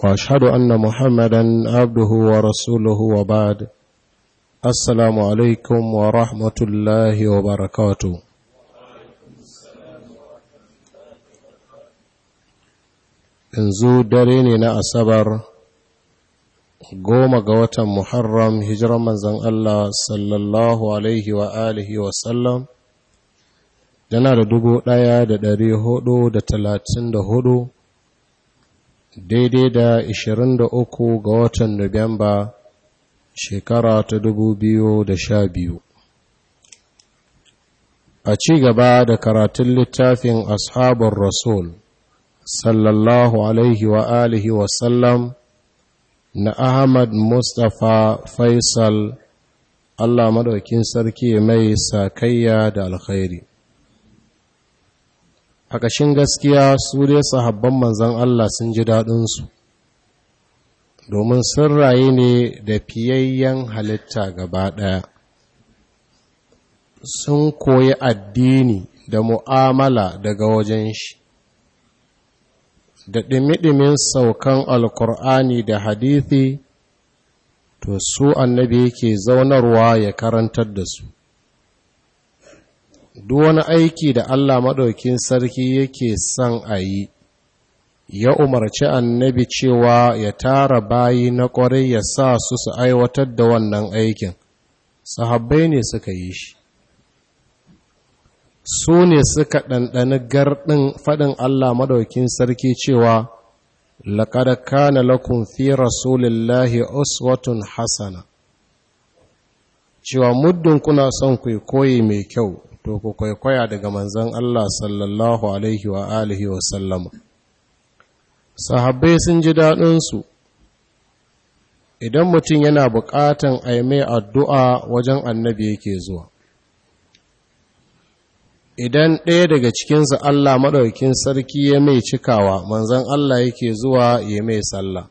واشهد ان محمدا عبده ورسوله وبعد السلام عليكم ورحمه الله وبركاته yanzu dare ne na asabar goma ga watan muharram hijiran manzan Allah sallallahu alaihi wa alihi wa sallam yana da dubu ɗaya da dari hudu da talatin da hudu daidai da 23 ga watan Nuwamba shekara ta 2012. A ci gaba da karatun littafin Ashabar Rasul, sallallahu Alaihi wa alihi wasallam, na Ahmad Mustapha Faisal, Allah Madaukin Sarki mai sakayya da alkhairi. a ƙashin gaskiya su dai sahabban manzan Allah sun ji daɗinsu domin sun raye ne da fiyayyen halitta gaba ɗaya sun koyi addini da mu'amala daga wajen shi da ɗimi-ɗimin saukan alkur'ani da hadithi to su annabi yake zaunarwa ya karantar da su duk wani aiki da Allah maɗaukin sarki yake son a yi ya umarci annabi cewa ya tara bayi na ƙwarai ya sa su su aiwatar da wannan aikin sahabbai ne suka yi shi su ne suka ɗanɗani garɗin faɗin Allah maɗaukin sarki cewa laƙada kana lakun fi rasulillahi uswatun Hassana." cewa muddin kuna son ku mai kyau to ku kwaikwaya daga manzon Allah sallallahu alaihi wa alihi wa sallama sahabbai sun ji daɗinsu idan mutum yana buƙatan a mai addu'a wajen annabi yake zuwa idan ɗaya daga cikinsu Allah maɗaukin sarki ya mai cikawa manzon Allah yake zuwa ya mai sallah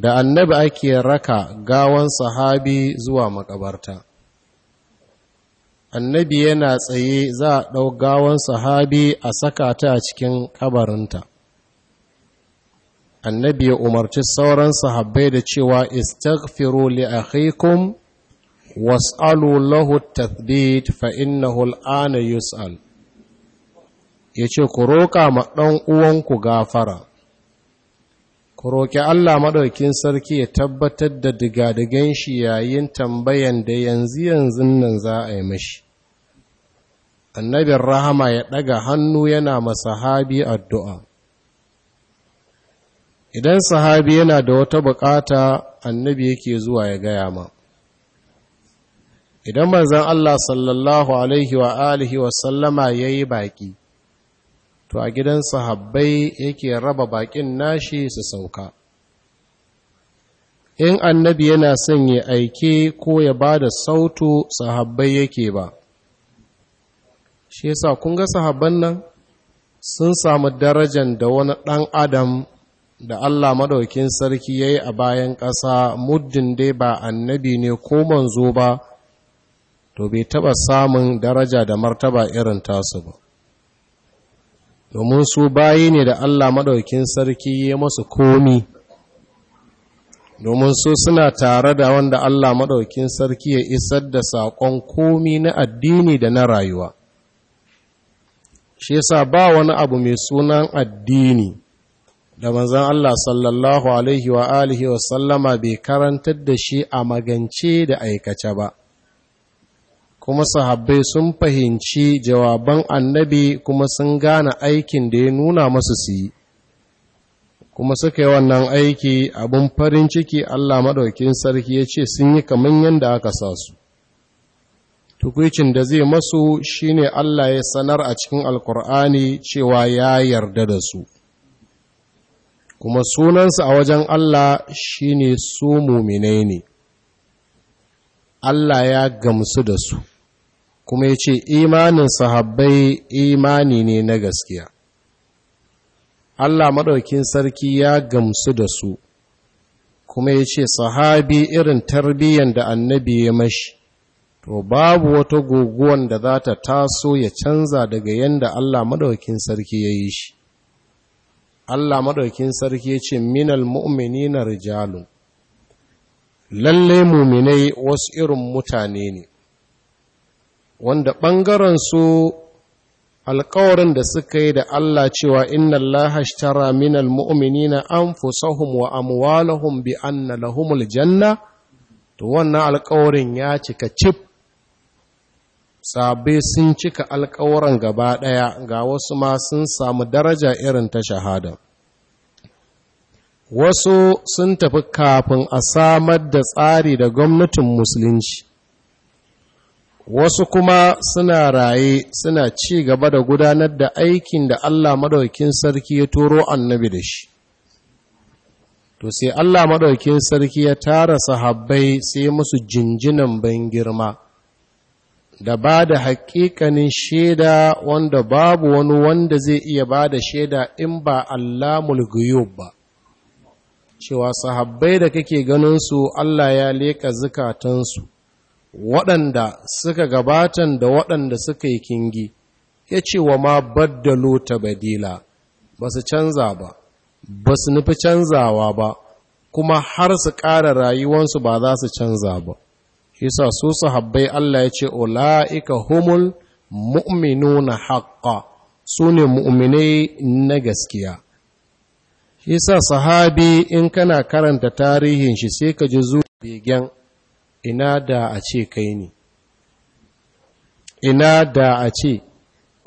da annabi ake raka gawan sahabi zuwa makabarta annabi yana tsaye za a ɗau gawan sahabi a saka ta a cikin kabarinta annabi ya umarci sauran sahabbai da cewa istaghfiru li akhikum was'alu lahu tathbit fa innahu al'ana yus'al yace ku roƙa ma ɗan uwanku gafara ku roƙi Allah maɗaukin sarki ya tabbatar da digadigan shi yayin tambayan da yanzu yanzu nan za a yi mashi annabin rahama ya ɗaga hannu yana masahabi addu'a idan sahabi yana da wata bukata annabi yake zuwa ya gaya ma idan manzan Allah sallallahu alaihi wa alihi wasallama ya yi baƙi to a gidan sahabbai yake raba bakin nashi su sauka in annabi yana son ya aike ko ya ba da sautu sahabbai yake ba shi yasa kun ga sahabban nan sun samu darajan da wani ɗan adam da Allah maɗaukin sarki ya yi a bayan ƙasa muddin dai ba annabi ne ko manzo ba to bai taɓa samun daraja da martaba irin tasu ba domin su bayi ne da Allah maɗaukin sarki ya masu komi domin su suna tare da wanda Allah maɗaukin sarki ya isar da saƙon komi na addini da na rayuwa shi yasa ba wani abu mai sunan addini da manzan Allah sallallahu alaihi wa’alihi wa sallama bai karantar da shi a magance da aikace ba kuma sahabbai sun fahimci jawaban annabi kuma sun gane aikin da ya nuna masu su yi kuma suka yi wannan aiki abin farin ciki Allah maɗaukin sarki ya ce sun yi kamar yadda aka sa su tukwicin da zai masu shine Allah ya sanar a cikin alkur'ani cewa ya yarda da su kuma sunansa a wajen Allah shine su muminai ne Allah ya gamsu da su kuma ya ce imanin sahabbai imani ne na gaskiya Allah maɗaukin sarki ya gamsu da su kuma ya ce sahabi irin tarbiyyar da annabi ya mashi to babu wata guguwan da za ta taso ya canza daga yadda Allah maɗaukin sarki ya yi shi Allah maɗaukin sarki ya ce minal mu'mini na rijalun lalle muminai wasu irin mutane ne wanda ɓangaren su alkawarin da suka yi da Allah cewa inna Allah ashtara minal an fusahun wa amuwalahun bi na lahumul janna to wannan alkawarin ya cika cif sabe sun cika alkawaran gaba ɗaya ga wasu ma sun samu daraja irin ta shahada wasu sun tafi kafin a samar da tsari da gwamnatin musulunci wasu kuma suna raye suna ci gaba da gudanar da aikin da Allah madaukin sarki ya turo annabi da shi to sai Allah madaukin sarki ya tara sahabbai sai musu jinjinan ban girma da ba da haƙiƙanin shaida wanda babu wani wanda zai iya ba da shaida in ba Allah mulguyub ba cewa sahabbai da kake ganin su Allah ya leka zukatansu waɗanda suka gabatan da waɗanda suka yi kingi ya ce wa ma baddalo ta badila ba su canza ba ba su nufi canzawa ba kuma har su ƙara rayuwansu ba za su canza ba yasa su su sahabbai Allah ya ce ula'ika humul mu'minuna haqqa su ne mu'minai na gaskiya yasa sahabi in kana karanta tarihin shi sai ka ji zuwa begen ina da a ce kai ne ina da a ce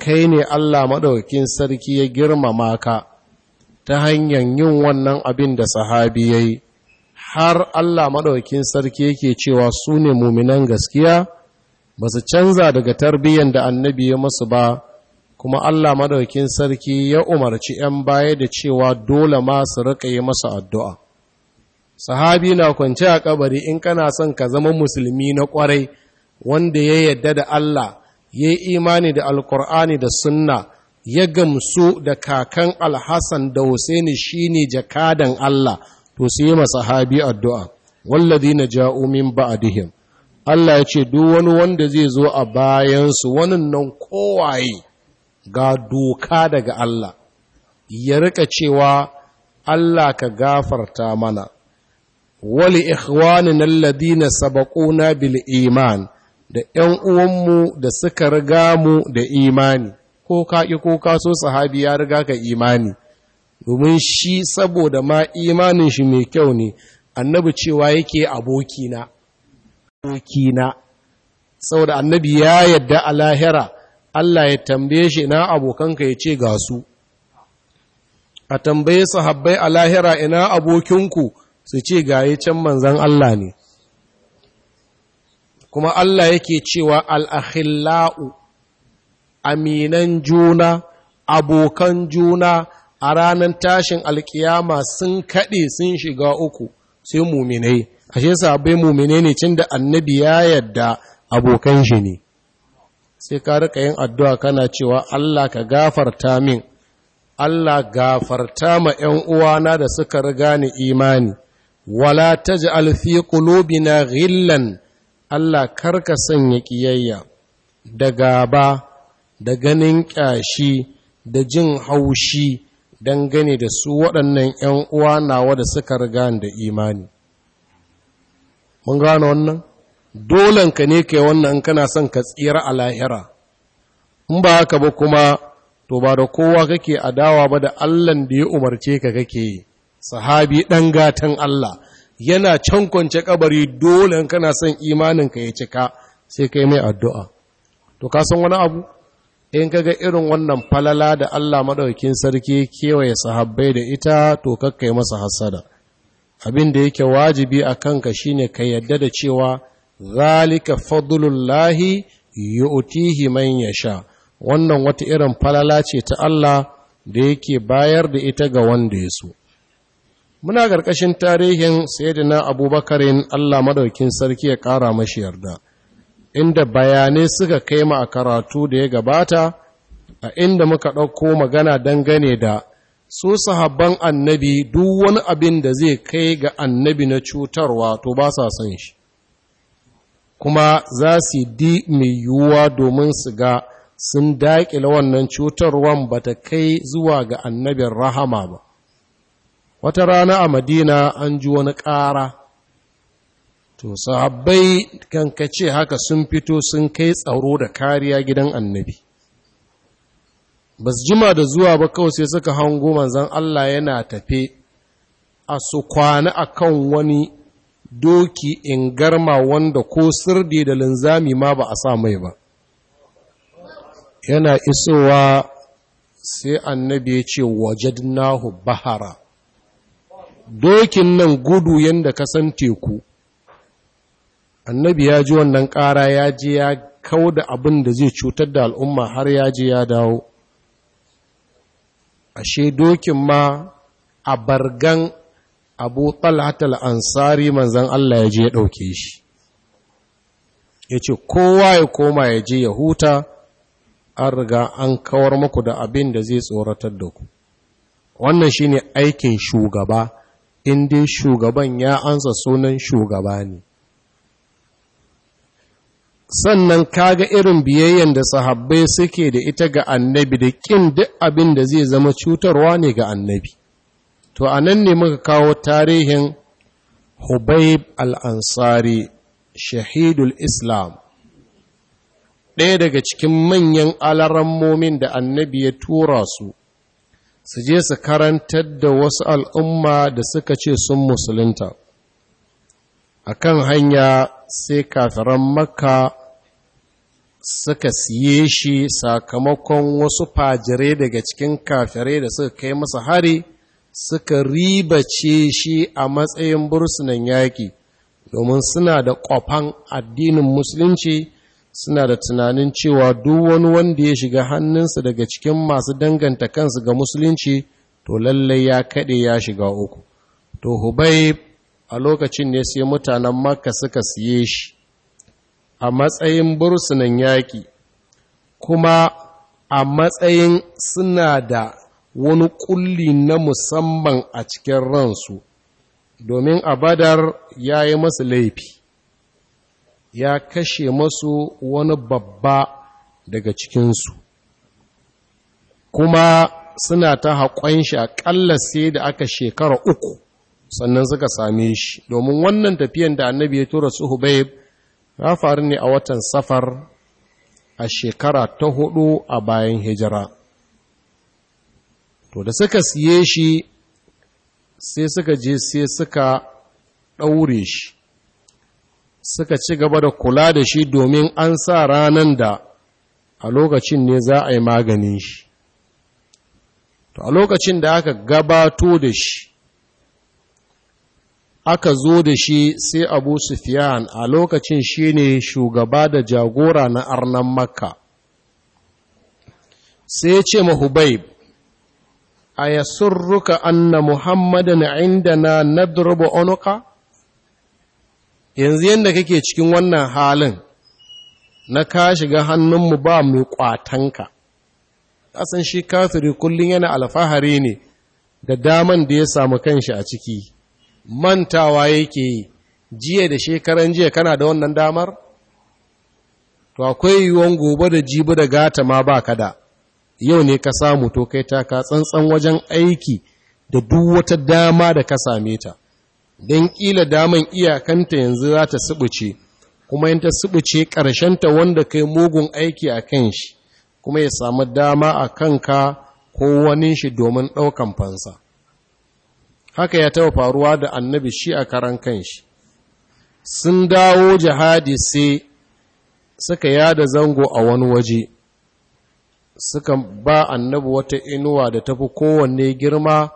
kai ne Allah maɗaukakin sarki ya girmama ka ta hanyar yin wannan abin da sahabi ya yi har Allah maɗaukakin sarki yake cewa su ne muminan gaskiya ba su canza daga tarbiyyar da annabi ya masu ba kuma Allah maɗaukakin sarki ya umarci ‘yan baya da cewa dole ma su riƙa yi masu addu'a. sahabi na kwance a kabari in kana son ka zama musulmi na kwarai wanda ya yadda da Allah ya yi imani da alkur'ani da sunna ya gamsu da kakan alhassan da husaini shine jakadan Allah to su yi masahabi addu'a walladina ja'u min ba'dihim Allah ya ce duk wani wanda zai zo a bayansu wannan nan kowaye ga doka daga Allah ya rika cewa Allah ka gafarta mana wali ikhwanin sabaƙo na bil iman da 'yan uwanmu da suka riga mu da imani ko ka ko ka so sahabi ya riga ka imani domin shi saboda ma imanin shi mai kyau ne annabi cewa yake abokina abokina saboda annabi ya yadda a lahira Allah ya tambaye shi ina abokanka ya ce ga su a tambaye sahabbai a lahira ina abokinku su ce gaye can manzan Allah ne kuma Allah yake cewa al'akhila'u aminan juna abokan juna a ranar tashin alkiyama sun kaɗe sun shiga uku sai muminai ashe sabai muminai ne cin da annabi ya yadda abokan shi ne sai ka rika yin addu'a kana cewa Allah ka gafarta min Allah gafarta ma ‘yan uwana da suka riga ni imani’ wala taj'al fi qulubina ghillan Allah ka sanya ƙiyayya. da gaba da ganin ƙyashi, da jin haushi dangane da su waɗannan ‘yan uwa nawa da suka riga da imani. Mun gano wannan? Dolanka ne kai wannan kana son ka tsira a in ba haka ba kuma, to ba da kowa kake adawa ba da Allahn da ya umarce ka kake yi, sahabi ɗan gatan Allah yana can kwance kabari dole kana son imaninka ya cika sai kai mai addu'a to ka san wani abu in ga irin wannan falala da Allah maɗaukin sarki kewaye sahabbai da ita to yi masa hasada abin da yake wajibi a kanka shine ka yadda da cewa zalika fadlullahi yu'tihi man sha. wannan wata irin falala ce ta Allah da yake bayar da ita ga wanda ya so muna ƙarƙashin tarihin sayyidina abubakarin allah madaukin sarki ya ƙara mashi yarda inda bayanai suka kai ma a karatu da ya gabata a inda muka ɗauko magana dangane da su sahabban annabi duk wani abin da zai kai ga annabi na cutarwa to ba sa son shi kuma za su di mai yiwuwa domin su ga sun daƙila wannan cutarwan ba ta kai zuwa ga annabin rahama ba wata rana a madina an ji wani ƙara to sahabbai kankace haka sun fito sun kai tsaro da kariya gidan annabi ba su jima da zuwa ba kawai sai suka hango manzan Allah yana tafe a su kwana a kan wani doki in garma wanda ko sirdi da linzami ma ba a sa mai ba yana isowa sai annabi ya ce wajadnahu bahara dokin nan gudu yadda ka san teku annabi ya ji wannan ƙara ya ji ya kawo da abin da zai cutar da al'umma har ya ji ya dawo ashe dokin ma a bargan abu talatal ansari manzan Allah ya je ya ɗauke shi ya ce kowa ya koma ya je ya huta an riga an kawar maku da abin da zai tsoratar da ku wannan shine aikin shugaba in dai shugaban ya ansa sunan shugaba ne sannan kaga irin biyayyen da sahabbai suke da ita ga annabi da ƙin duk abin da zai zama cutarwa ne ga annabi to a nan ne muka kawo tarihin hubaib al'ansari shahidul islam ɗaya daga cikin manyan alarammomin da annabi ya tura su su je su karantar da wasu al'umma da suka ce sun musulunta a kan hanya sai kafiran maka suka siye shi sakamakon wasu fajirai daga cikin kafirai da suka kai masa hari suka ribace shi a matsayin bursunan yaƙi domin suna da ƙwafan addinin musulunci suna da tunanin cewa duk wani wanda ya shiga hannunsa daga cikin masu danganta kansu ga musulunci to lallai ya kaɗe ya shiga uku to hubai a lokacin ne sai mutanen makka suka siye shi a matsayin bursunan yaƙi kuma a matsayin suna da wani ƙulli na musamman a cikin ransu domin a badar ya yi masu laifi ya kashe masu wani babba daga cikinsu kuma suna ta haƙon shi aƙalla sai da aka shekara uku sannan suka same shi domin wannan tafiyan da annabi ya tura su hubaib ya faru ne a watan safar a shekara ta hudu a bayan hijira to da suka siye shi sai suka je sai suka ɗaure shi suka ci gaba da kula da shi domin an sa ranan da a lokacin ne za a yi maganin shi to a lokacin da aka gabato da shi aka zo da shi sai abu sufiyan a lokacin shi ne shugaba da jagora na arnan makka sai ce mahubai a yasurruka anna muhammadan inda na nadurba onuka yanzu yadda kake cikin wannan halin na ka shiga hannunmu ba mai kwatanka ƙasan shi kafiri kullum yana alfahari ne da daman da ya samu kanshi a ciki mantawa yake yi jiya da shekaran jiya kana da wannan damar to akwai yiwuwan gobe da jibi da gata ma ba ka da yau ne ka samu to kai ta ka tsantsan wajen aiki da duk wata dama da ka same ta don ƙila daman iyakanta yanzu za ta subuce kuma yin ta ƙarshen ta wanda kai mugun aiki a kan shi kuma ya samu dama a kanka ko wani shi domin ɗaukan fansa haka ya taɓa faruwa da annabi shi a karan kan shi sun dawo jihadi sai suka yada zango a wani waje suka ba annabi wata inuwa da tafi kowanne girma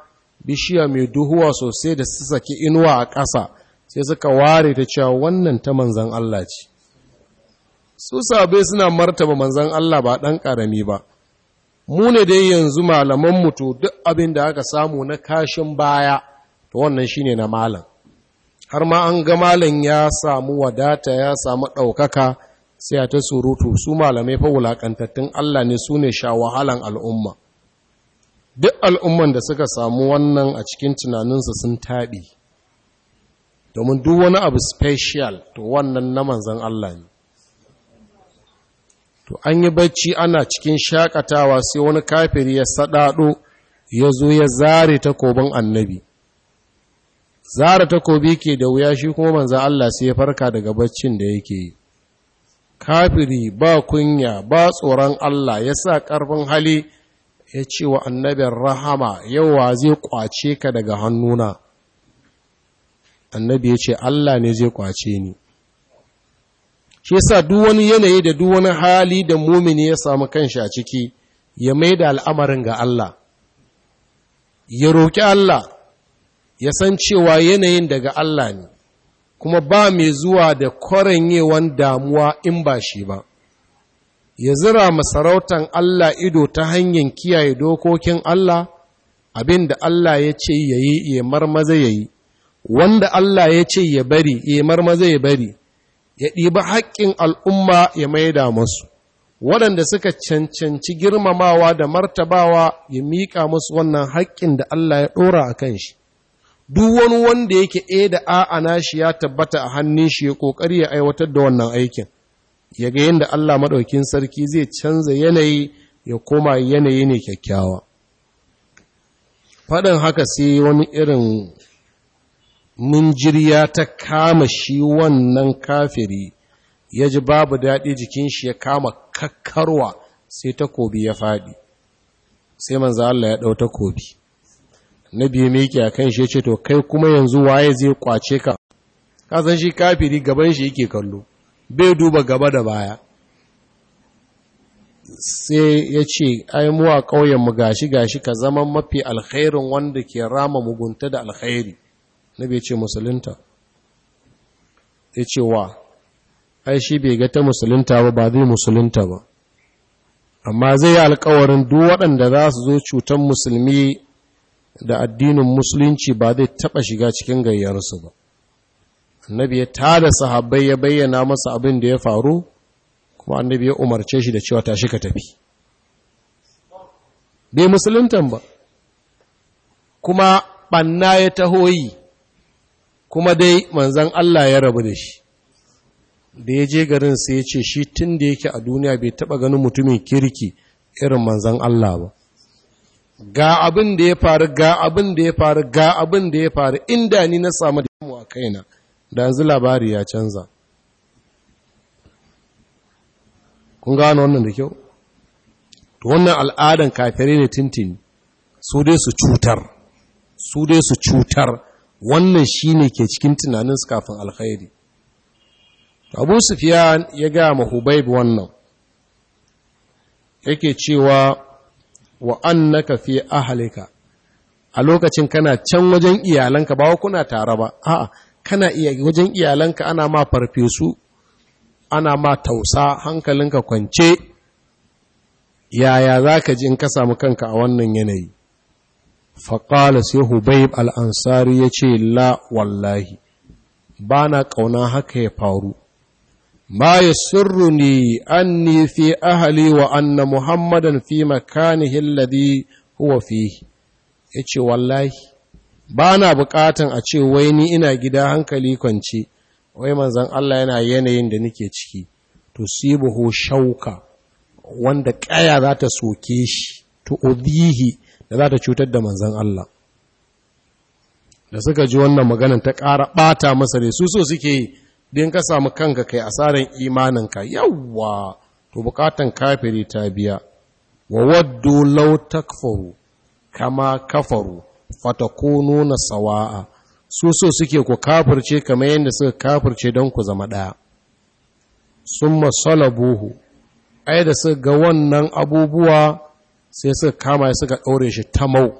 bishiya mai duhuwa sosai da su saki inuwa a ƙasa sai suka ware ta cewa wannan ta manzan Allah ce su sabai suna martaba manzan Allah ba ɗan ƙarami ba mu ne dai yanzu malaman mutu duk abin da aka samu na kashin baya to wannan shine na malam har ma an ga malam ya samu wadata ya samu ɗaukaka sai ta surutu su malamai fa wulaƙantattun Allah ne su ne sha wahalan al'umma duk al'umman da suka samu wannan a cikin tunaninsa sun taɓi domin duk wani abu special to wannan na manzan Allah ne to an yi bacci ana cikin shakatawa sai wani kafiri ya saɗaɗo ya zo ya zare takobin annabi zara takobi ke da wuya shi kuma manzan Allah sai ya farka daga baccin da yake yi kafiri ba kunya ba tsoron Allah ya sa ƙarfin hali ya ce wa annabin rahama yawa zai kwace ka daga hannuna annabi ya ce Allah ne zai kwace ni shi sa duk wani yanayi da duk hali da mumini ya samu kanshi a ciki ya mai da al'amarin ga Allah ya roƙi Allah ya san cewa yanayin daga Allah ne kuma ba mai zuwa da kwaranyewan damuwa in ba shi ba ya zira masarautan Allah ido ta hanyar kiyaye dokokin Allah abin da Allah ya ce ya yi ya marmaza ya yi wanda Allah ya ce ya bari ya marmaza ya bari ya ɗiba haƙƙin al'umma ya maida masu waɗanda suka cancanci girmamawa da martabawa ya miƙa masu wannan haƙƙin da Allah ya ɗora a kan shi duk wani wanda yake e da a'a shi ya tabbata a hannun shi ya ƙoƙari ya aiwatar da wannan aikin Yaga ga yadda Allah maɗaukin sarki zai canza yanayi ya koma yanayi ne kyakkyawa faɗin haka sai wani irin jirya ta kama shi wannan kafiri ya ji babu daɗi jikin shi ya kama kakkarwa sai takobi ya faɗi sai manza Allah ya ɗau takobi na biyu miki a kan shi ya ce to kai kuma yanzu waye zai kwace ka kasan shi kafiri gaban shi yake kallo bai duba gaba da baya sai ya ce ai mu ƙauyenmu gashi gashi ka zama mafi alkhairin wanda ke rama mugunta da alkhairi na bai ce musulunta ya ce wa ai shi bai ga ta musulunta ba ba zai musulunta ba amma zai yi alkawarin duk waɗanda za su zo cutar musulmi da addinin musulunci ba zai taɓa shiga cikin gayyarsu ba annabi ya tada sahabbai ya bayyana masa abin da ya faru kuma annabi ya umarce shi da cewa tashi ka tafi bai musuluntan ba kuma ɓanna ya taho yi kuma dai manzan Allah ya rabu da shi da ya je garin sai ya ce shi tun da yake a duniya bai taba ganin mutumin kirki irin manzan Allah ba ga abin da ya faru ga abin da ya faru ga abin da ya faru inda ni na samu da mu a kaina da yanzu labari ya canza kun gano wannan da kyau to wannan al'adan kafirai ne tintin su dai su cutar su dai su cutar wannan shine ke cikin tunanin su kafin alkhairi Abu Sufyan ya ga mahubaib wannan yake cewa wa annaka fi ahlika a lokacin kana can wajen iyalanka ba kuna tare ba a'a kana iya wajen iyalanka ana ma farfesu ana ma tausa hankalinka kwance yaya za ka ji in ka samu kanka a wannan yanayi faƙala sai hubaib al'ansari ya ce la wallahi ba na ƙauna haka ya faru ma ya sirru ne an nufi ahali wa anna muhammadan fi makanihin ladi huwa fi ya ce wallahi ba na bukatan a ce wai ni ina gida hankali kwance wai manzan Allah yana yanayin da nake ciki to sibuhu shauka wanda kaya za ta soke shi to udhihi da za ta cutar da manzan Allah da suka ji wannan maganan ta ƙara ɓata masa ne su so suke yi din ka samu kanka kai tsarin imaninka yawwa to bukatan kafiri ta biya wa waddu law takfuru kama kafaru fatakununa sawa'a su so suke ku kafirce kamar yadda suka kafirce don ku zama ɗaya Sun masala buhu ai da suka ga wannan abubuwa sai suka kama suka ɗaure shi tamau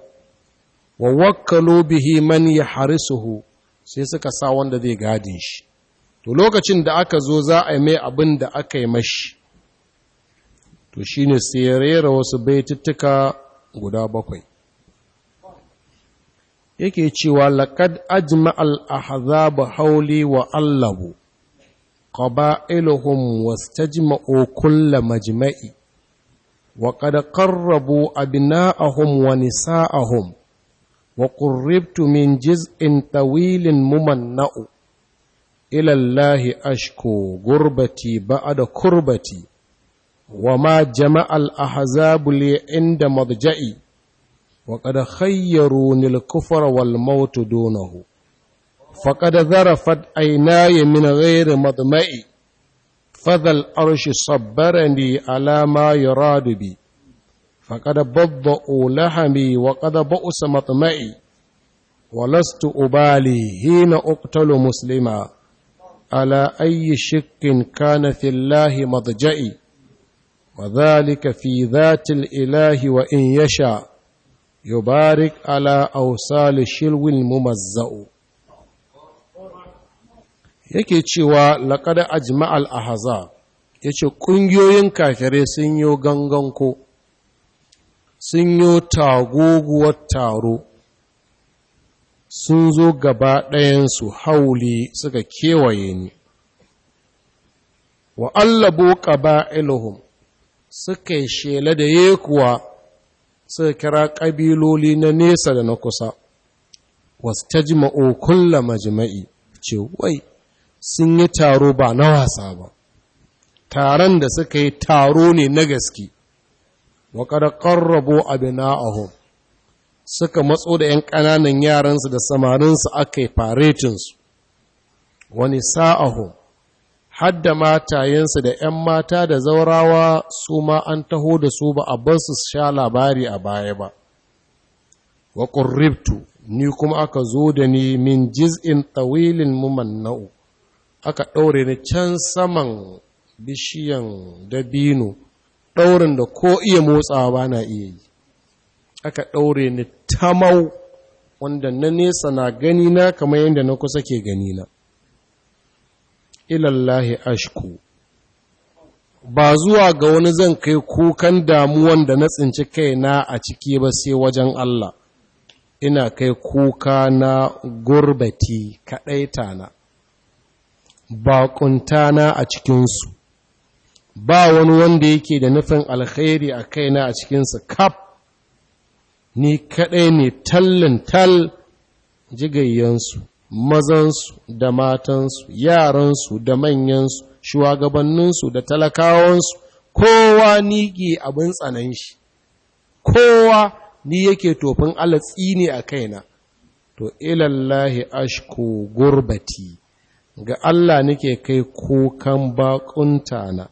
wa wakkalu bihi man ya yahrisuhu sai suka sa wanda zai gadin shi to lokacin da aka zo za a yi mai abin da aka yi mashi to shine sai rera wasu baituttuka guda bakwai yake cewa laƙad al’ahaza ba hauli wa allahu jima wastajma'u kulla majima'i. wa qad qarrabu abna'ahum wa nisa'ahum wa qurribtu min jiz'in tawilin mumanna'u ila ilallahi ashko gurbati ba a da kurbati wa ma jama'a al-ahzabu inda marja'i وقد خيروني الكفر والموت دونه فقد ذرفت عيناي من غير مضمئ فذا الأرش صبرني على ما يراد بي فقد بضأوا لحمي وقد بؤس مطمئي ولست أبالي حين أقتل مسلما على أي شك كان في الله مضجئي وذلك في ذات الإله وإن يشاء yubarik ala ausali shilwil mumazza'u yake cewa laƙada ajma'al ahazab ya ce ƙungiyoyin kafirai sun yi ganganko sun yi tagoguwar taro sun zo gaba ɗayansu hauli suka kewaye ni wa allabo ƙaba iluhum suka yi shela da yekuwa Sai kira ƙabiloli na nesa da na kusa Wasu ta wastajma'u kulla majma'i ce wai sun yi taro ba na wasa ba taron da suka yi taro ne na gaske waƙar ƙarrabo abu na aho, suka matso da 'yan ƙananan yaransu da samarinsu aka yi faretinsu wani sa'ahun hadda matayensu da ‘yan mata da zaurawa su ma an taho da su ba a bar su sha labari a baya ba. Wa ƙurribtu, ni kuma aka zo da ni min jiz'in tawilin na'u, aka ɗaure ni can saman bishiyan dabino, ɗaurin da ko iya motsawa ba na iya yi. Aka ɗaure ni tamau, wanda na nesa na gani na kamar yadda na kusa ke gani na. ilallahi ashku ba zuwa ga wani zan kai kukan damuwan da na tsinci kaina a ciki ba sai wajen Allah ina kai kuka na gurbati kaɗaitana na baƙuntana a cikinsu ba wani wanda yake da nufin alkhairi a kaina a cikinsu kaf ni kaɗai ne tallin tal jigayyansu mazansu da matansu yaransu da manyansu shugabanninsu da talakawansu kowa ni ke abin tsanan shi kowa ni yake tofin alatsi ne a kaina to ilallahi ashku gurbati ga Allah nake kai kukan bakunta na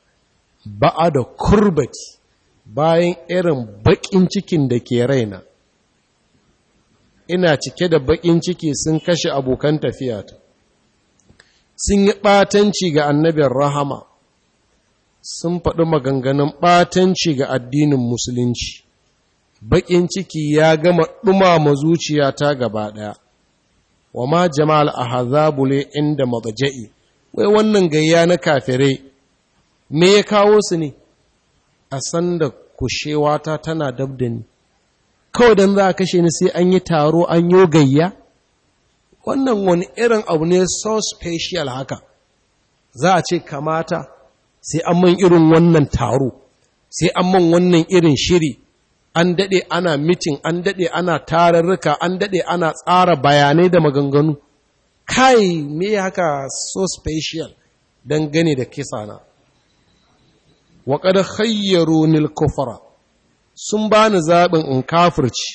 ba'a da kurbati bayan irin bakin cikin da ke raina ina cike da bakin ciki sun kashe abokan tafiyata sun yi batanci ga annabin rahama sun faɗi maganganun ɓatanci ga addinin musulunci Bakin ciki ya gama ɗumama zuciyata gaba ɗaya wa ma jama'al a hazabule inda matsaja'i wai wannan gayya na kafire? me ya kawo su ne a sanda kushewata tana dabda ni kawai don za a kashe ni sai an yi taro an yi gayya wannan wani irin abu ne so special haka za a ce kamata sai an man irin wannan taro sai an man wannan irin shiri an daɗe ana mitin an daɗe ana tararruka an daɗe ana tsara bayanai da maganganu kai me haka so special don gane da kisana? na waƙada hayyaro nil kufara sun ba ni zaɓin in kafirci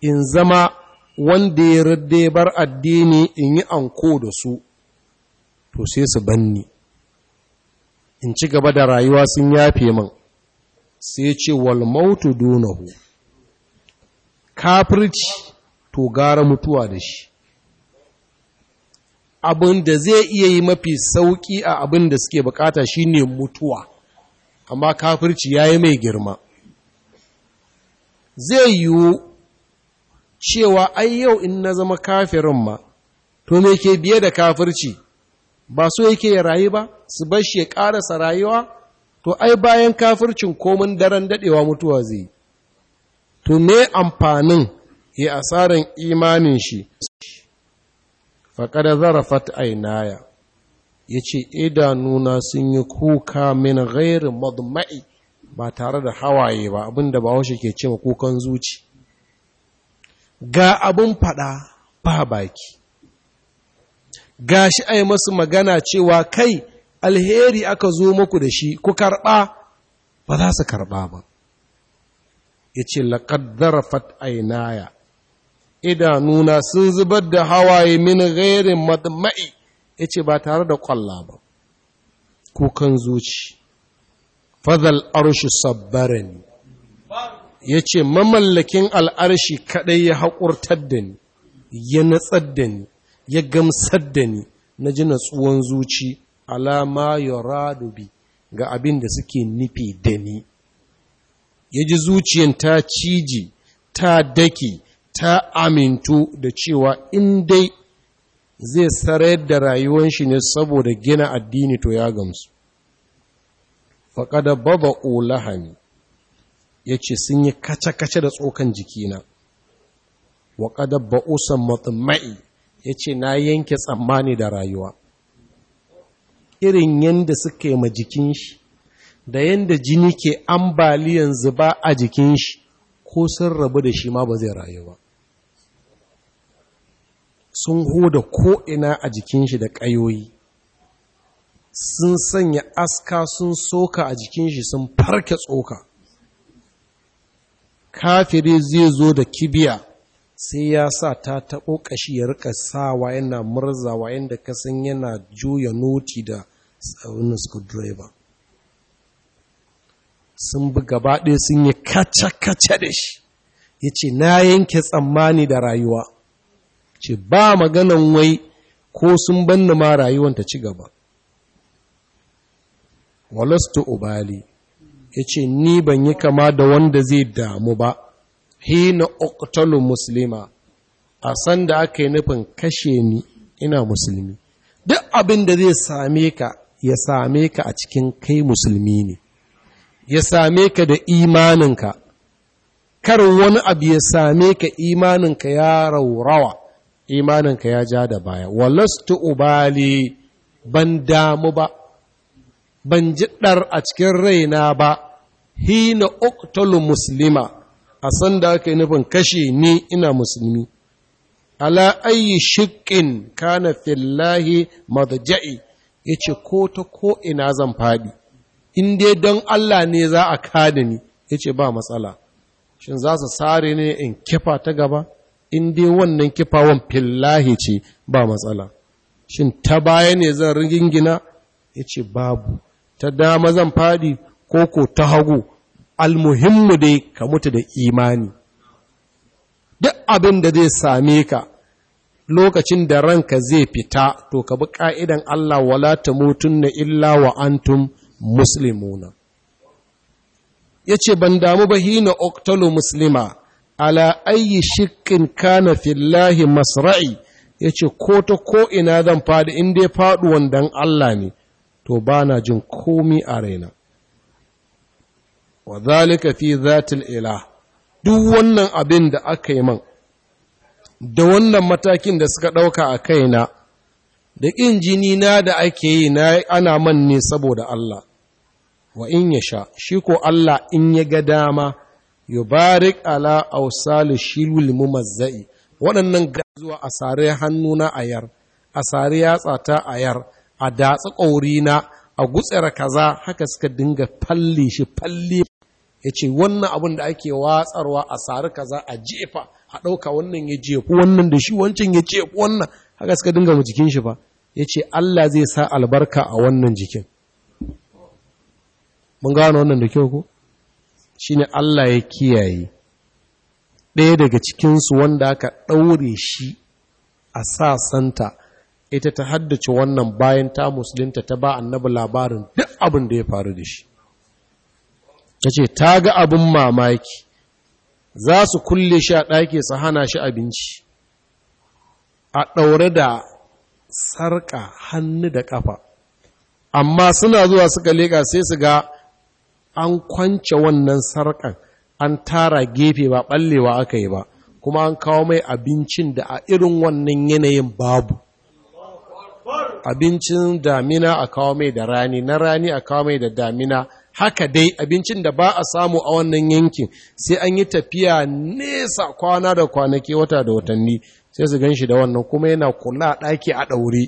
in zama wanda ya rade bar addini in yi anko da su to sai su banni in ci gaba da rayuwa sun yafe min sai ce wal mautu dunahu kafirci to gara mutuwa da shi abin da zai iya yi mafi sauƙi a abin da suke bukata shine mutuwa amma kafirci ya yi mai girma zai yiwu cewa ai yau in na zama kafirin ma to me ke biye da kafirci ba so yake ya rayu ba su bar shi ya ƙarasa rayuwa to ai bayan kafircin komin daren daɗewa mutuwa zai to me amfanin ya asarin imanin shi faƙada zarafat ainaya ya ce idanuna sun yi kuka min gairin madma'i ba tare da hawaye ba abinda ba washe ke cewa kukan zuci ga abin fada ba baki ga shi a yi masu magana cewa kai alheri aka zo muku da shi ku karɓa ba za su karɓa ba ya ce laƙaddara ainaya idanuna sun zubar da hawaye min gairin madma'i ya ce ba tare da kwalla ba kukan zuci fadal arshi sabbarin ya ce mamallakin al'arshi kaɗai ya haƙurtar da ni ya natsar da ni ya gamsar da ni na ji natsuwan zuci alama yoradubi ga abin da suke nufi da ni ya ji zuciyan ta ciji ta daki ta amintu da cewa in dai zai sarayar da rayuwan shi ne saboda gina addini to ya gamsu faƙada baba ne, ya ce sun yi kace-kace da tsokan jikina waƙada ba'usan matsamai ya ce na yanke tsammani da rayuwa irin yadda suka yi ma jikin shi da yadda jini ke ambaliyan zuba a jikin shi ko sun rabu da shi ma ba zai rayu ba sun hoda ko'ina a jikin shi da ƙayoyi sun sanya aska sun soka a jikin shi sun farke tsoka kafiri zai zo da kibiya sai ya sa ta taɓo ƙashi ya rika sawa yana murzawa yadda kasan yana juya noti da tsaunin screwdriver sun bi gaba ɗaya sun yi kaca-kaca da shi ya ce na yanke tsammani da rayuwa ce ba maganan wai ko sun banni ma rayuwan ta ci gaba walastu ubali ya ce ni ban yi kama da wanda zai damu ba na oktalu muslima a san da aka yi nufin kashe ni ina musulmi duk abin da zai same ka ya same ka a cikin kai musulmi ne ya same ka da imaninka kar wani abu ya same ka imaninka ya raurawa imaninka ya ja da baya walastu ubali ban damu ba ban jiɗar a cikin raina ba hina uqtalu muslima a sanda aka yi nufin kashe ni ina musulmi ala ayi shiqqin kana fillahi madja'i yace ko ta ko ina zan fadi in dai don Allah ne za a kada ni yace ba matsala shin za su sare ne in kifa ta gaba in dai wannan kifawan fillahi ce ba matsala shin ta baya ne zan gina? ya ce babu ta dama zan fadi koko ta hagu almuhimmu dai ka mutu da imani duk abin da zai same ka lokacin da ranka zai fita to ka bi ka'idan Allah wala ta na illa wa antum muslimuna ce ban damu ba hina oktalu muslima ala ayi shikkin kana fillahi masra'i yace ko ta ko ina zan faɗi in dai faduwan dan Allah ne to bana jin komi a raina wa zalika fi zatil duk wannan abin da aka yi man da wannan matakin da suka ɗauka a kaina da ƙin jini na da ake yi na ana man ne saboda Allah wa in ya sha shi ko Allah in ya ga dama yubarik ala ausali shilul mumazzai waɗannan zuwa a sare hannu na ayar a sare yatsa ta ayar a datsa ƙauri na a gutsara kaza haka suka dinga falle shi falle ya ce wannan abin da ake watsarwa a sare kaza a jefa a ɗauka wannan ya jefu wannan da shi wancan ya jefu wannan haka suka dinga mu jikin shi ba ya ce Allah zai sa albarka a wannan jikin mun gano wannan da kyau ko ne Allah ya kiyaye ɗaya daga cikinsu wanda aka ɗaure shi a sasanta ita ta haddace wannan bayan ta musulunta ta ba annabi labarin duk abin da ya faru da shi ta ce ta ga abin mamaki za su kulle shi a ɗaki su hana shi abinci a ɗaure da sarƙa hannu da ƙafa amma suna zuwa suka leƙa sai su ga an kwance wannan sarkan an tara gefe ba ɓallewa aka yi ba kuma an kawo mai abincin da a irin wannan yanayin babu abincin damina a kawo mai da rani na rani a kawo mai da damina haka dai abincin da ba a samu a wannan yankin sai an yi tafiya nesa kwana da kwanaki wata da watanni sai su gan shi da wannan kuma yana kula a ɗaki a ɗaure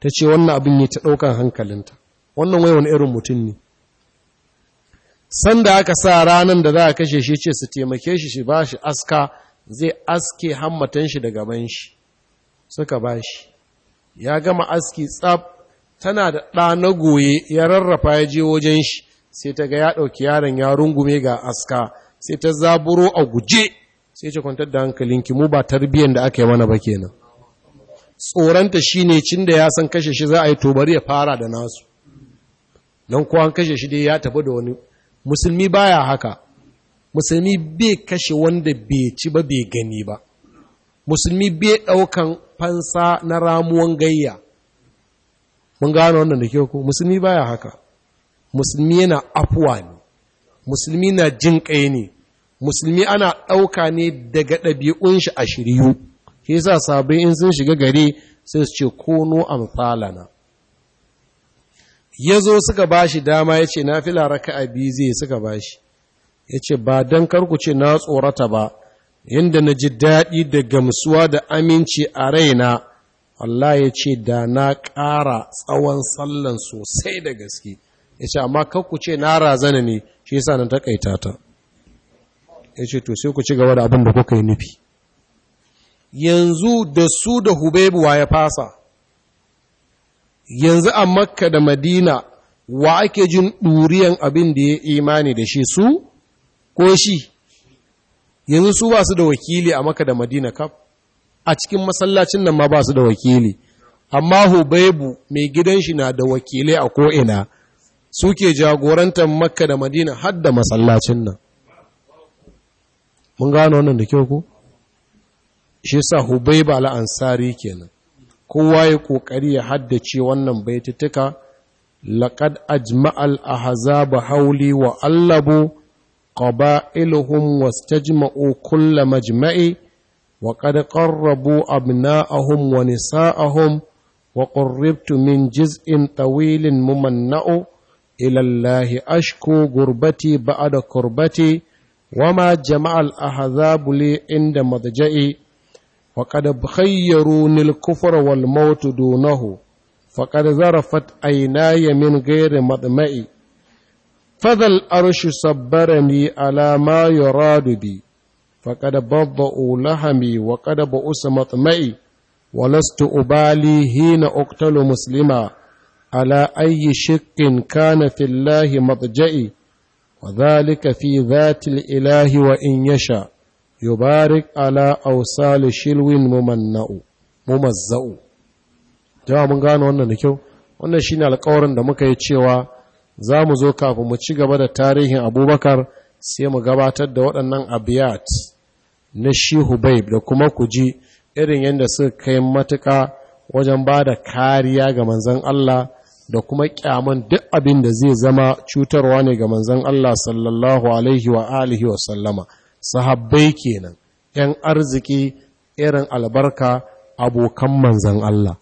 ta ce wannan abin ne ta ɗaukan hankalinta wannan wai wani irin mutum ne sanda aka sa ranar da za a kashe shi ce su taimake shi shi ba shi aska zai aske hammatan shi daga ban shi suka ba shi ya gama aski tsab tana da ɗa na goye ya rarrafa ya je wajen shi sai ta ga ya ɗauki yaron ya rungume ga aska sai ta zaburo a guje sai ce kwantar da hankalinki mu ba tarbiyyar da aka yi mana ba kenan tsoronta shi ne cin da ya san kashe shi za a yi tobari ya fara da nasu don kuwa kashe shi dai ya tafi da wani musulmi baya haka musulmi bai kashe wanda bai ci ba bai gani ba musulmi bai ɗaukan fansa na ramuwan gayya mun gano wannan da kyau ko musulmi baya haka musulmi yana afuwa ne musulmi na jin kai ne musulmi ana ɗauka ne daga ɗabi'un shi a shiryu ke sa sabbin in sun shiga gare sai su ce kono amsalana ya zo suka ba shi dama ya ce na fi laraka a biyu zai suka ba shi ya ce ba don karku ce na tsorata ba yadda na ji daɗi da gamsuwa da aminci a raina Allah ya ce da na ƙara tsawon sallan sosai da gaske ya ce amma karku ce na razana ne shi yasa na taƙaita ta ya ce to sai ku ci gaba da abin da kuka yi nufi yanzu da su da hubebuwa ya fasa yanzu a makka da madina wa ake jin ɗuriyan abin da ya imani da shi su ko shi yanzu su ba su da wakili a makka da madina kaf a cikin masallacin nan ma ba su da wakili amma hubaibu mai gidan shi na da wakilai a ko'ina su ke jagorantar makka da madina har da masallacin nan mun gano wannan da kyau ku shi sa hubaiba al'ansari kenan kowa ya kokari ya haddace wannan baitattuka laqad ajma'al ahzaba hauli wa allabu qaba'iluhum wastajma'u kull majma'i wa qad qarrabu abna'ahum wa nisa'ahum wa qurribtu min jiz'in tawilin mumanna'u ila allahi ashku gurbati ba'da qurbati وما جمع الأحزاب لي inda مضجئي wa kada khayyaru nil kufra wal maut dunahu fa kada zarafat aynaya min ghairi madma'i fadal arshu sabbarani ala ma yuradu bi فقد بضأوا لحمي وقد بؤس مطمئي ولست أبالي حين أقتل مسلما على أي شك كان في الله مضجئي وذلك في ذات الإله وإن يشاء yubarik ala ausali shilwin mumanna'u mumazza'u jama mun gano wannan da kyau wannan shine alƙawarin da muka yi cewa za mu zo kafin mu ci gaba da tarihin abubakar sai mu gabatar da waɗannan abiyat na shi hubaib da kuma ku ji irin yadda suka kai matuƙa wajen ba da kariya ga manzan Allah da kuma kyaman duk abin da zai zama cutarwa ne ga manzan Allah sallallahu alaihi wa alihi wa sallama sahabbai kenan ‘yan arziki irin albarka abokan manzan Allah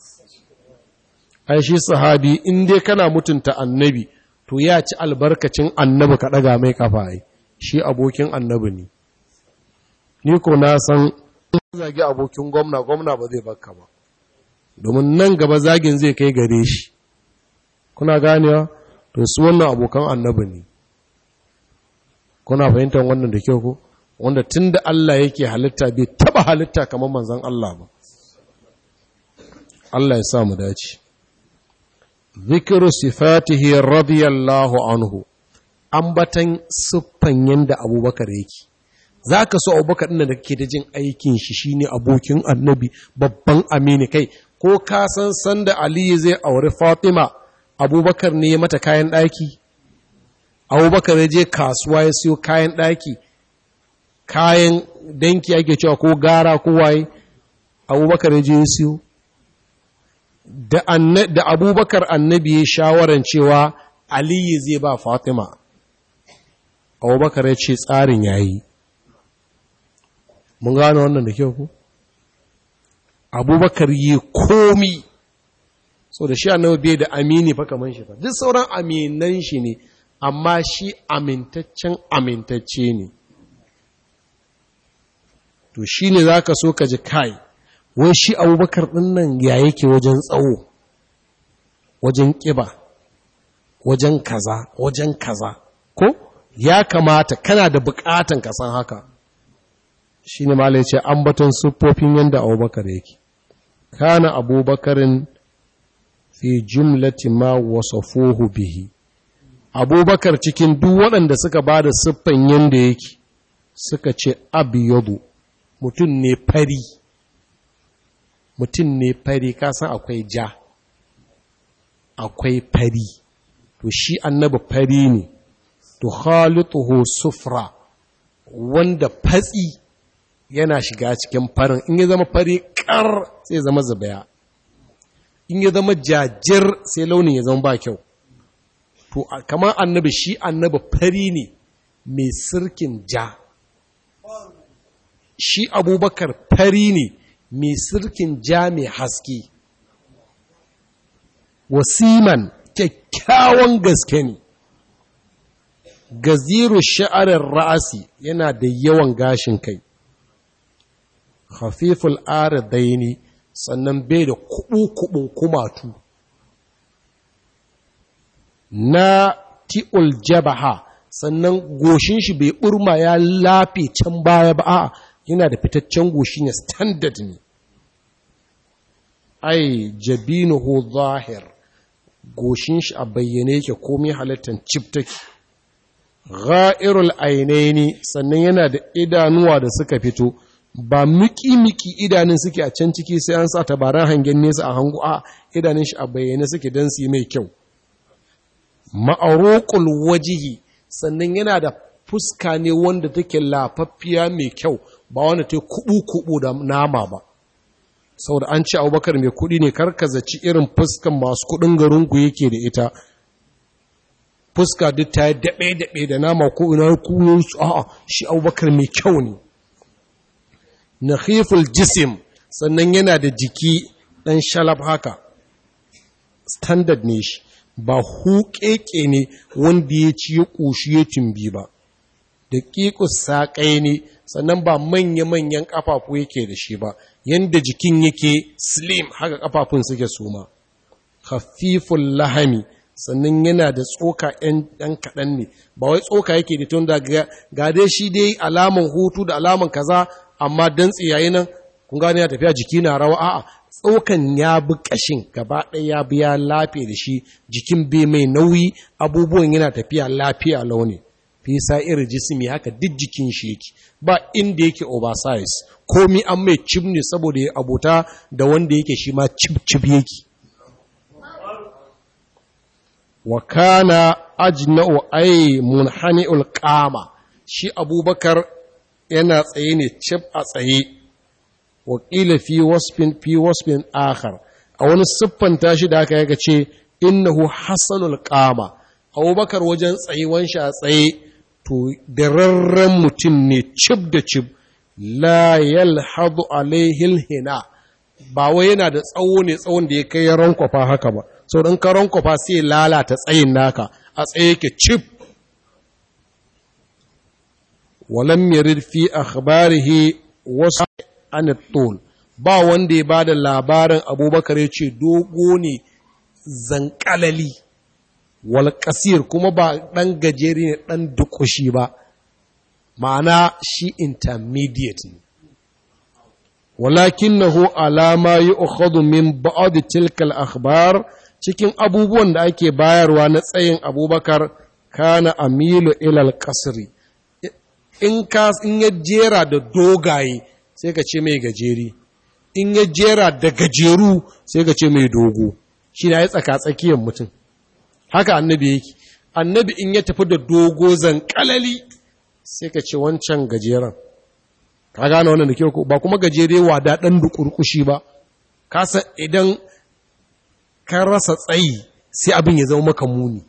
ai shi sahabi in dai kana mutunta annabi to ya ci albarkacin annabi ka ɗaga mai kafa ai shi abokin annabi ne ni ko na san zagi abokin gwamna gwamna ba zai bakka ba domin nan gaba zagin zai kai gare shi kuna ganewa to su wannan abokan annabi ne kuna fahimtar wannan da kyau ko wanda tun da Allah yake halitta bai taba halitta kamar manzan Allah ba Allah ya sa dace zikiru sifatihi radiyallahu anhu an batan siffan yanda abubakar yake za ka so abubakar ɗin da kake da jin aikin shi shine abokin annabi babban amini kai ko ka san sanda aliyu zai auri fatima abubakar ne ya mata kayan ɗaki abubakar ya je kasuwa ya siyo kayan ɗaki kayan danki ake cewa ko gara ko waye abubakar ya je ya siyo da abubakar annabi ya shawaran cewa aliyu zai ba fatima abubakar ya ce tsarin ya yi mun gano wannan da kyau ku abubakar yi komi so da shi annabi bai da amini fa kaman shi fa duk sauran aminan shi ne amma shi amintaccen amintacce ne to shi ne za ka so ka ji kai wai shi abubakar ɗinnan nan ya yake wajen tsawo wajen ƙiba wajen kaza wajen kaza ko ya kamata kana da buƙatan ka haka shi ne ma ce an batun siffofin yadda abubakar yake kana abubakarin fi jumlati ma wasafuhu bihi abubakar cikin duk waɗanda suka ba da siffan yadda yake suka ce abiyadu mutum ne fari mutum ne fari kasan akwai ja akwai fari to shi naba fari ne to khalituhu sufra wanda fatsi yana shiga cikin farin in ya zama fari kar sai zama zabaya in ya zama jajir sai launin ya zama ba kyau to kamar annabi shi annabi fari ne mai sirkin ja shi abubakar fari ne mai sirkin ja mai haske wasiman kyakkyawan gaske ne gaziru sha'arar ra'asi yana da yawan gashin kai hafiful ne sannan bai da kubu kumatu na ti'ul jabaha sannan goshin shi bai urma ya lafe can baya ba a yana da fitaccen goshi ne standard ne ai jabinuhu zahir goshin shi a bayyane yake komai halittar cif take gha'irul ainaini sannan yana da idanuwa da suka fito ba miki-miki idanun suke a can ciki sai an sa tabaran hangen nesa a hangu a idanun shi a bayyane suke don su mai kyau ma'arokul wajihi sannan yana da fuska ne wanda take lafaffiya mai kyau ba wanda ta kubu-kubu da nama ba saboda an ce abubakar mai kudi ne zaci irin fuskan masu kudin garinku yake da ita fuska duk ta yi daɓe-daɓe da nama ko ina kuyon su a shi abubakar mai kyau ne na jisim sannan yana da jiki ɗan shalab haka standard ne shi ba huƙeƙe ne wanda ya ci ya ƙoshi ya tumbi ba da ƙiƙus saƙai ne sannan ba manya-manyan ƙafafu yake da shi ba yadda jikin yake slim haka ƙafafun suke suma khafiful lahami sannan yana da tsoka ɗan kaɗan ne ba wai tsoka yake da tun da ga shi dai alaman hutu da alaman kaza amma dantsi yayi nan kun gane ya tafiya jiki na rawa a'a tsokan ya bi ƙashin gaba ɗaya ya bi ya lafiya da shi jikin bai mai nauyi abubuwan yana tafiya lafiya launi fi sa'ir jisimi haka duk jikin shi yake ba inda yake oversize komi an mai cib ne saboda ya abota da wanda yake shi ma cib cib yake wa kana ajna'u ay munhani'ul shi abubakar yana tsaye ne cib a tsaye wakila fi waspin fi waspin akhar a wani siffanta shi da aka yaga ce innahu hasanul qama abubakar wajen tsayuwan shi a tsaye to dararren mutum ne cib da cib la yalhadu alaihi hina ba wai yana da tsawo ne tsawon da ya kai rankwafa haka ba sau ɗin ka rankwafa sai lalata tsayin naka a tsaye ke cib walam yarid fi akhbarihi wasu an ba wanda ya bada labarin abubakar ya ce dogo ne zankalali wal kuma ba ɗan gajeri ne ɗan dukushi ba ma'ana shi intermediate ne walakinahu على ما يؤخذ min بعض tilkal akhbar cikin abubuwan da ake bayarwa na tsayin abubakar kana amilu ilal kasri in ka in ya jera da dogaye sai ka ce mai gajeri in ya jera da gajeru sai ka ce mai dogo shi na ya tsaka tsakiyar mutum haka annabi yake annabi in ya tafi da dogo zankalali sai ka ce wancan gajeren ka gane wannan da kyau ba kuma gajere wada da ƙurƙushi ba kasa idan ka rasa tsayi sai abin ya zama maka muni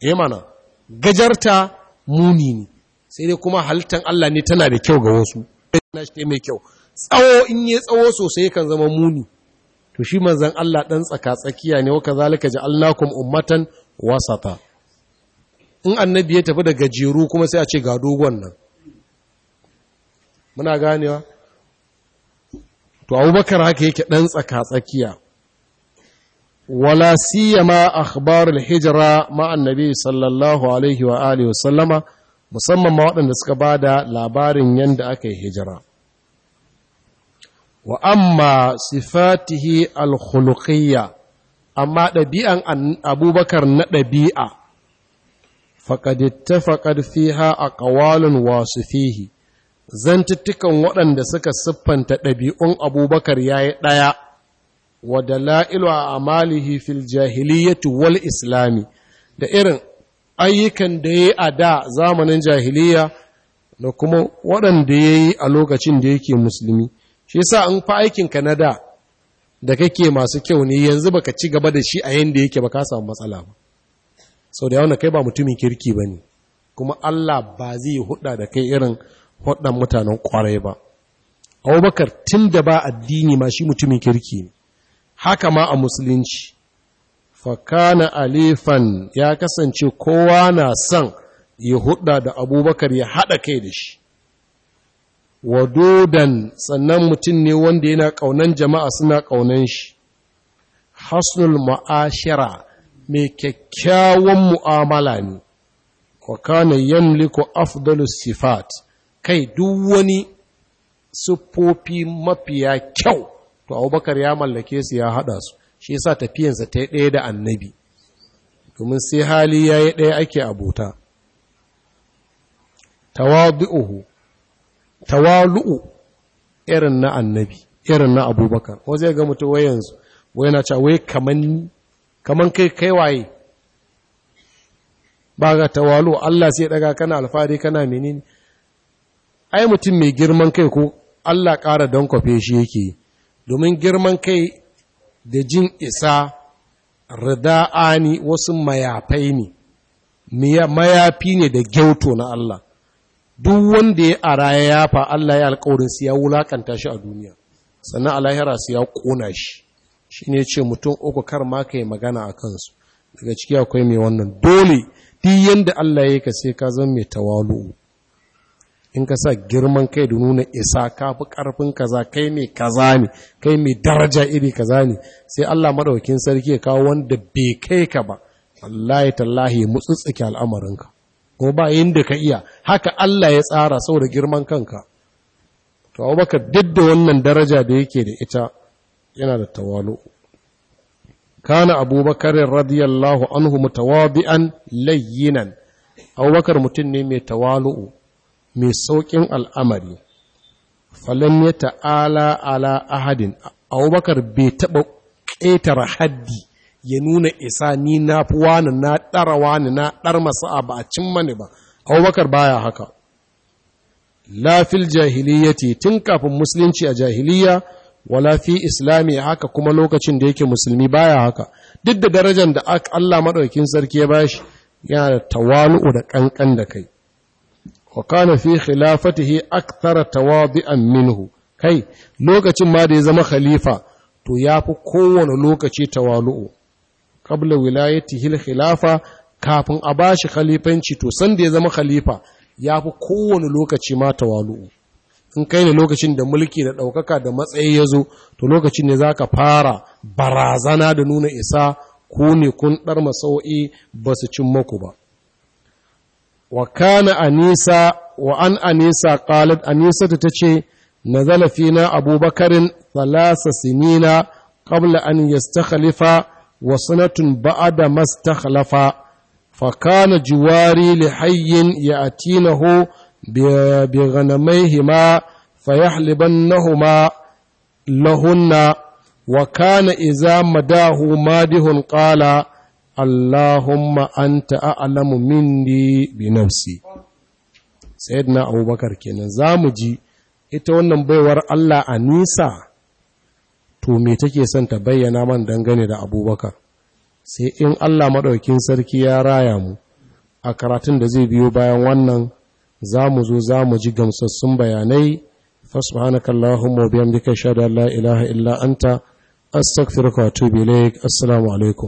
ya eh mana gajarta muni ne sai dai kuma halittar Allah ne tana da kyau ga wasu na shi mai kyau tsawo in yi tsawo sosai kan zama muni to shi manzan Allah ɗan tsaka tsakiya ne zalika ji ja'alnakum ummatan wasata in annabi ya tafi da gajeru kuma sai a ce ga dogon nan muna ganewa to abubakar haka yake ɗan tsaka tsakiya wala siyama akhbarul hijra ma annabi sallallahu alaihi wa alihi wa sallama musamman ma waɗanda suka ba da labarin yanda aka yi hijira wa amma sifatihi alkhuluqiyya amma ɗabi'an abubakar na ɗabi'a faƙad ittafaqad fiha aqwalun wasifihi zantuttukan waɗanda suka siffanta ɗabi'un abubakar yayi ɗaya wa a amalihi fil jahiliyyati wal islami da irin ayyukan da yayi a da zamanin jahiliya da kuma waɗanda yayi a lokacin da yake musulmi shi sa an fa aikinka na da da kake masu kyau ne yanzu baka ci gaba da shi a yanda yake ba ka samu matsala ba sau da yawon kai ba mutumin kirki ba ne kuma Allah ba zai huɗa da kai irin huddan mutanen kwarai ba abubakar tun da ba addini ma shi mutumin kirki ne haka ma a musulunci fakana alifan ya kasance kowa na son ya huɗa da abubakar ya haɗa kai da shi wadodan sannan mutum ne wanda yana ƙaunan jama'a suna ƙaunan shi hasnul ma'ashira mai kyakkyawan mu'amala ne wa kana yamliku afdalus sifat kai duk wani siffofi mafiya kyau to abubakar ya mallake su ya haɗa su shi yasa tafiyansa ta ɗaya da annabi domin sai hali ya yi ɗaya ake abota tawadu'uhu tawalu'u irin na annabi irin na abubakar ko zai ga mutum wai yanzu wai na cewa wai kaman kai kai waye ba ga tawalu Allah sai daga kana alfari kana menene ai mutum mai girman kai ko Allah ƙara don kwafe shi yake domin girman kai da jin isa rida'ani wasu mayafai ne mayafi ne da gyauto na Allah duk wanda ya ara ya yafa Allah ya alƙawarin su ya wulakanta shi a duniya sannan a lahira su ya ƙona shi shi ne ce mutum uku kar ma ka yi magana a kansu daga ciki akwai mai wannan dole duk yadda Allah ya yi ka sai ka zama mai tawalu in ka sa girman kai da nuna isa ka fi ƙarfin kaza kai mai kaza ne kai mai daraja iri kaza ne sai Allah maɗaukin sarki ya kawo wanda bai kai ka ba wallahi tallahi mutsutsuke al'amarinka ko ba yadda ka iya haka Allah ya tsara saboda girman kanka to abubakar duk da wannan daraja da yake da ita yana da tawalu kana abubakar radiyallahu anhu mutawadi'an layyinan abubakar mutum ne mai tawalu mai saukin al'amari Falon ya ta'ala ala ahadin abubakar bai taɓa ƙetare haddi ya nuna isa ni na fi wani na ɗara wani na ɗar masu ba a cin mani ba abubakar baya haka lafil jahiliyyati tun kafin musulunci a jahiliya wa lafi islami haka kuma lokacin da yake musulmi baya haka duk da darajar da Allah maɗaukin sarki ya bashi yana da tawalu da ƙanƙan da kai wa kana fi khilafatihi akthara tawadi'an minhu kai lokacin ma da ya zama khalifa to yafi kowane lokaci tawalu'u qabla wilayatihi khilafa kafin a bashi khalifanci to sanda ya zama khalifa yafi kowane lokaci ma tawalu in kai ne lokacin da mulki da ɗaukaka da matsayi ya zo to lokacin ne za ka fara barazana da nuna isa ku ne kun ɗar masau'i ba su cin maku ba wa kana anisa wa an anisa qalat anisa ta ce nazala fina abubakarin thalasa sinina qabla an yastakhlifa wa sanatun ba'ada mastakhlafa fa kana juwari li hayyin ya'tinahu bi ghanamaihima fayahlibannahuma lahunna wa kana idza madahu madihun qala allahumma anta a'lamu minni bi nafsi sayyidina abubakar kenan zamu ji ita wannan baiwar Allah a nisa to me take son ta bayyana man dangane da abubakar sai in Allah maɗaukin sarki ya raya mu a karatun da zai biyo bayan wannan za mu zo za mu ji gamsassun bayanai fasubhanaka Allahumma wa bihamdika shada la ilaha illa anta astaghfiruka wa atubu ilaik assalamu alaikum